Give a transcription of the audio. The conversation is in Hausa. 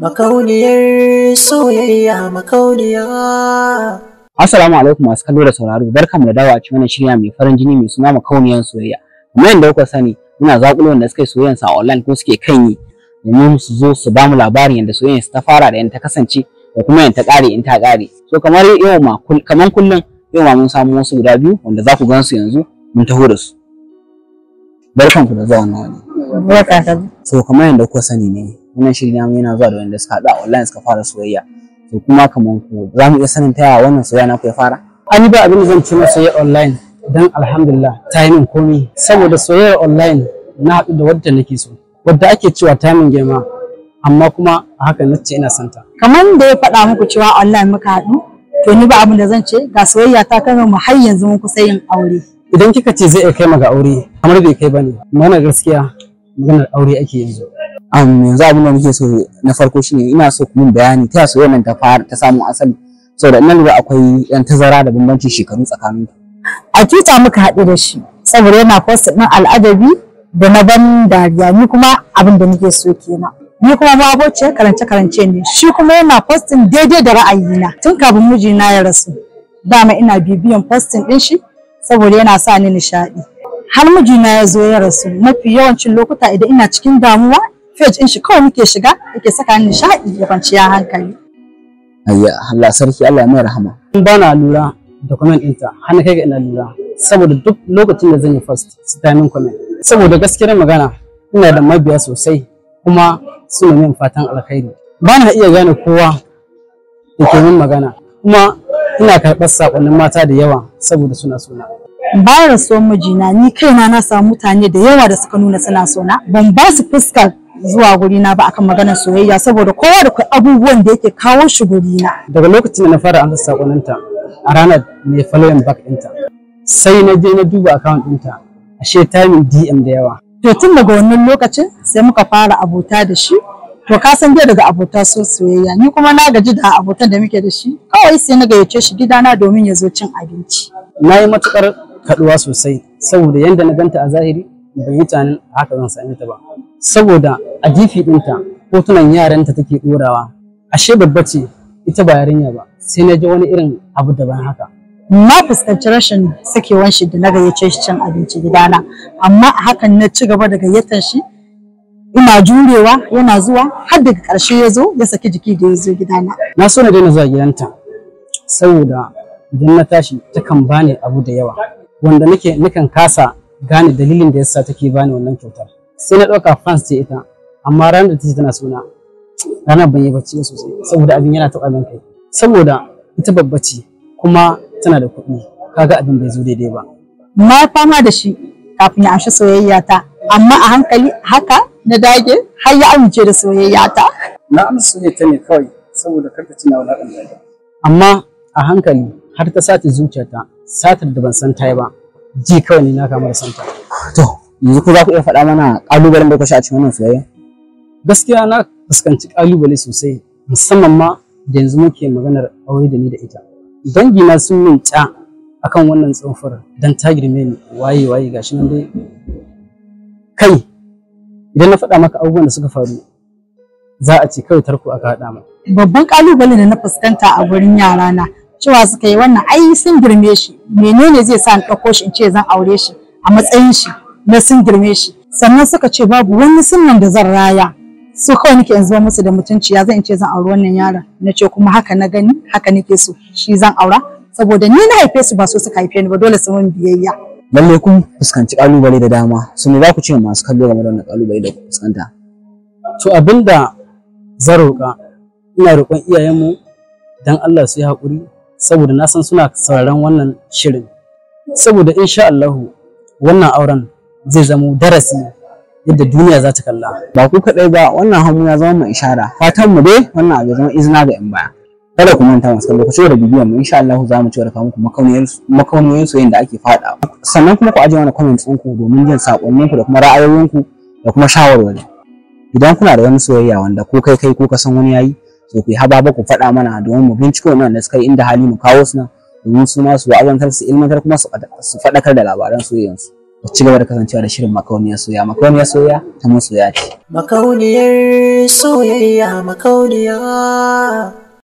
makauniyar soyayya makauniya Assalamu alaikum masu kallo da sauraro barkamu da dawa a cikin wannan shirya mai farin jini mai suna makauniyar soyayya kamar yadda kuka sani muna zaƙulo wanda suka yi soyayyan sa online ko suke kan yi domin su zo su bamu labarin yadda soyayyan ta fara da yadda ta kasance da kuma yadda ta ƙare in ta ƙare. so kamar yau ma kamar kullum yau ma mun samu wasu guda biyu wanda za ku gan su yanzu mun taho da su barkanku da zuwa nan wani so kamar yadda kuka sani ne wannan shirin namu yana zuwa da wanda suka haɗu a online suka fara soyayya to kuma kamar ku za mu iya sanin ta yaya wannan soyayya naku ya fara an ba abin da zan ce masa soyayya online dan alhamdulillah ta yi min komai saboda soyayyar online na haɗu da wadda nake so wadda ake cewa ta min girma amma kuma a haka na ce ina son ta kamar da ya faɗa muku cewa online muka haɗu to ni ba abin da zan ce ga soyayya ta kama mu har yanzu mun kusa yin aure idan kika ce zai kai ga aure kamar bai kai bane magana gaskiya maganar aure ake yanzu um, yanzu abin da nake so na farko shine ina so ku min bayani ta so wannan ta fara ta samu asali saboda nan lura akwai yan tazara da bambancin shekaru tsakanin ku akita muka haɗu da shi saboda yana kosa ɗin al'adabi da na ban dariya ni kuma abin da nake so kenan ni kuma ma abociyar karance karance ne shi kuma yana posting daidai da ra'ayina tun kafin mijina ya rasu dama ina bibiyan fostin ɗin shi saboda yana sa ni nishaɗi har mijina ya zo ya rasu mafi yawancin lokuta idan ina cikin damuwa page in shi kawai muke shiga yake saka ni nishaɗi da ya hankali. Ayya Allah sarki Allah mai rahama. Ba na lura document ɗinta har na kai ga ina lura saboda duk lokacin da zan yi first su ta comment saboda gaskiyar magana ina da mabiya sosai kuma suna min fatan alkhairi bana iya gane kowa da ke min magana kuma ina karɓar saƙonnin mata da yawa saboda suna suna. Bayan rasuwar mijina ni kaina na samu mutane da yawa da suka nuna suna suna ban ba su fuskar zuwa guri na ba akan maganar soyayya saboda kowa da abubuwan da yake kawo shi guri na daga lokacin da na fara an sakoninta a ranar mai following back ɗinta sai na je na duba account ɗinta she timing DM da yawa to tun daga wannan lokacin sai muka fara abota da shi to ka san bai daga abota so soyayya ni kuma na gaji da abotan da muke da shi kawai sai na gayyace shi gidana domin ya zo cin abinci na yi matukar kaduwa sosai saboda yanda na ganta a zahiri ban yi tunanin haka zan same ta ba saboda a jifi ɗinta hotunan ta take ɗorawa ashe babba ce ita ba yarinya ba sai na ji wani irin abu daban haka na fuskanci rashin sakewan shi da na gayyace shi cin abinci gidana amma a hakan na ci gaba da gayyatar shi ina jurewa yana zuwa har daga ƙarshe ya zo ya saki jiki da ya zo gidana na so na daina zuwa gidanta saboda idan na tashi takan bani abu da yawa wanda nake nakan kasa gane dalilin da yasa take bani wannan kyautar sai na ɗauka fans ce ita amma ranar da ta tana suna ranar ban yi bacci sosai saboda abin yana taɓa min kai saboda ita babba ce kuma tana da kuɗi kaga abin bai zo daidai ba na fama da shi kafin ya amshi soyayya ta amma a hankali haka na dage har ya amince da soyayya ta na amsa soyayya ta ne kawai saboda karka tuna wulaƙanta amma a hankali har ta sace zuciyarta satar da ban san ta ba ji kawai ne na kama da santa to yanzu ko za ku iya faɗa mana ƙalubalen da sha a cikin wannan soyayya gaskiya na fuskanci ƙalubale sosai musamman ma da yanzu muke maganar aure da ni da ita dangi na sun min ca akan wannan tsofar dan ta girme ni waye waye gashi nan dai kai idan na faɗa maka abubuwan da suka faru za a ce kawai tarko aka haɗa ma babban ƙalubale da na fuskanta a gurin na cewa suka yi wannan ai sun girme shi menene zai sa in ɗauko shi in ce zan aure shi a matsayin shi na sun girme shi sannan suka ce babu wani sunan da zan raya su kawai nake yanzu musu da mutunciya zan ce zan auri wannan yaron na ce kuma haka na gani haka nake so shi zan aura saboda ni na haife su ba so suka haife ni ba dole su mun biyayya lalle kun fuskanci kalubale da dama su ne za ku ce masu kallo game da wannan kalubale da ku fuskanta to abinda zan roƙa ina roƙon iyayenmu dan Allah su yi haƙuri saboda na san suna sauraron wannan shirin saboda insha Allah wannan auren zai zama darasi yadda duniya za ta kalla ba ku kadai ba wannan hannu ya zama mai ishara fatan mu dai wannan abu ya zama izina ga yan baya kada ku manta masu kallo ku ci da bibiyan mu insha Allah za mu ci da muku makauniyoyin soyayyen da ake fada sannan kuma ku aje mana comments ɗinku domin jin sakonninku da kuma ra'ayoyinku da kuma shawarwari idan kuna da wani soyayya wanda ko kai kai ko ka san wani yayi to ku haba ba ku faɗa mana domin mu binciko nan da suka yi inda hali mu kawo su domin su ma su wa'azantar su ilmantar kuma su faɗakar da labaran soyayyansu ci gaba da kasancewa da shirin makauniyar soya makauniyar soya ta masoya ce makauniyar soyayya makauniya